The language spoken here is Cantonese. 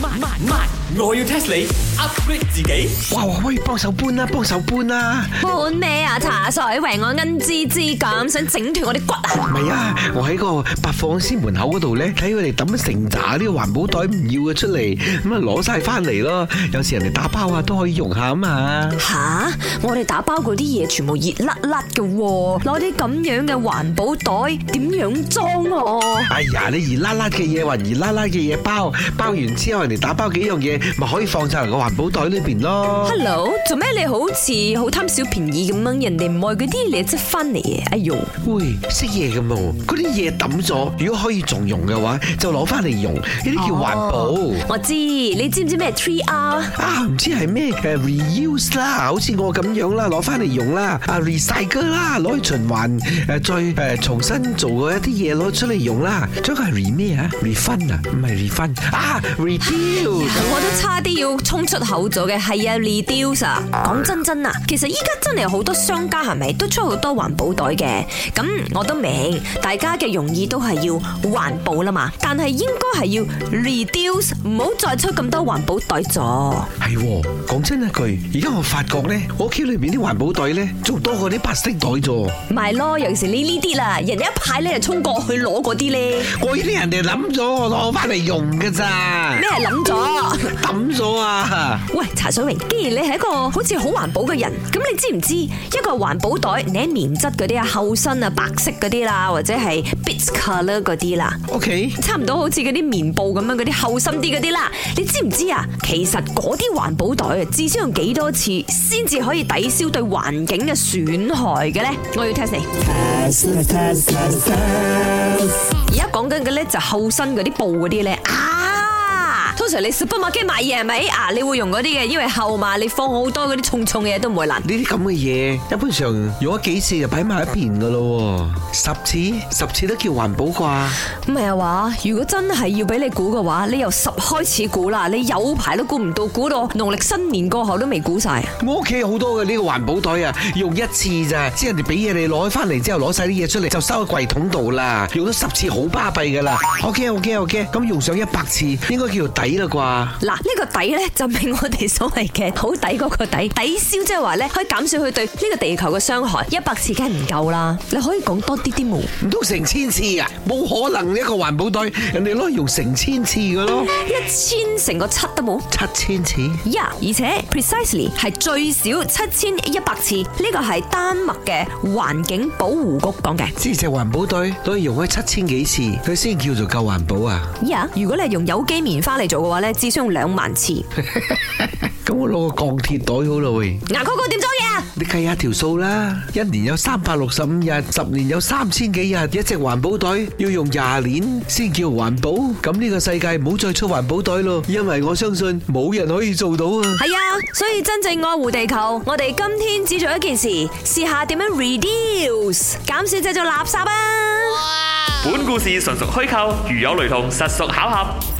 慢慢，我要 test 你 upgrade 自己，哇，我可以幫手搬啊，幫手搬啊，搬你啊。茶水，為我恩滋滋咁想整斷我啲骨啊！唔係啊，我喺個百貨公司門口嗰度咧，睇佢哋抌咗成紮啲環保袋唔要嘅出嚟，咁啊攞晒翻嚟咯。有時人哋打包啊都可以用下啊嘛。吓，我哋打包嗰啲嘢全部熱辣辣嘅，攞啲咁樣嘅環保袋點樣裝啊？哎呀，你熱辣辣嘅嘢還熱辣辣嘅嘢包，包完之後人哋打包幾樣嘢，咪可以放晒落個環保袋裏邊咯。Hello，做咩你好似好貪小便宜咁樣？人哋賣嗰啲你執翻嚟嘅，哎喲，喂，識嘢咁喎，嗰啲嘢抌咗，如果可以重用嘅話，就攞翻嚟用，呢啲叫環保。我知，你知唔知咩 tree r 啊？唔知係咩嘅 reuse 啦，好似我咁樣啦，攞翻嚟用啦，啊 recycle 啦，攞去循環，誒再誒重新做過一啲嘢攞出嚟用啦，將係 renew 啊，refund 啊，唔係 refund 啊，reduce。我都差啲要衝出口咗嘅，係啊，reduce。講真真啊，其實依家真係好多。商家係咪都出好多環保袋嘅？咁我都明，大家嘅容意都係要環保啦嘛。但係應該係要 reduce，唔好再出咁多環保袋咗，哦。係，講真一句，而家我發覺咧，屋企裏面啲環保袋咧仲多過啲白色袋咗。咪係咯，尤其是呢呢啲啦，人一派咧就衝過去攞嗰啲咧。我呢啲人哋諗咗，攞翻嚟用噶咋？咩係諗咗？諗咗啊！喂，茶水榮，既然你係一個好似好環保嘅人，咁你知唔知？一個環保袋，你喺棉質嗰啲啊，厚身啊，白色嗰啲啦，或者係 bits color 嗰啲啦，OK，差唔多好似嗰啲棉布咁樣，嗰啲厚身啲嗰啲啦，你知唔知啊？其實嗰啲環保袋啊，至少用幾多次先至可以抵消對環境嘅損害嘅咧？我要 test 你。而家講緊嘅咧就厚身嗰啲布嗰啲咧。你食百馬機買嘢係咪啊？你會用嗰啲嘅，因為厚嘛，你放好多嗰啲重重嘅嘢都唔會爛。呢啲咁嘅嘢，一般上用咗幾次就擺埋一邊噶咯。十次，十次都叫環保啩？唔係啊話，如果真係要俾你估嘅話，你由十開始估啦。你有排都估唔到，估到農曆新年過後都未估晒。我屋企好多嘅呢個環保袋啊，用一次咋？即係人哋俾嘢你攞翻嚟之後，攞晒啲嘢出嚟就收喺櫃桶度啦。用咗十次好巴閉噶啦。OK，OK，OK，、okay, okay, okay, 咁用上一百次應該叫做抵。嗱呢、呢個底咧就係我哋所謂嘅好底嗰個底抵消，即係話咧可以減少佢對呢個地球嘅傷害。一百次梗係唔夠啦，你可以講多啲啲冇，都成千次啊！冇可能一個環保袋，人哋攞嚟用成千次㗎咯，一千成個七都冇，七千次。呀、yeah,，而且 precisely 係最少七千一百次，呢、呢個係丹麥嘅環境保護局講嘅。支持環保袋都可以用咗七千幾次，佢先叫做夠環保啊！呀、yeah,，如果你係用有機棉花嚟做。嘅話咧，至少用兩萬次。咁我攞個鋼鐵袋好咯喂。阿姑姑點做嘢啊？你計下條數啦，一年有三百六十五日，十年有三千幾日，一隻環保袋要用廿年先叫環保。咁呢個世界唔好再出環保袋咯，因為我相信冇人可以做到啊。係啊，所以真正愛護地球，我哋今天只做一件事，試下點樣 reduce 減少製造垃圾啊。本故事純屬虛構，如有雷同，實屬巧合。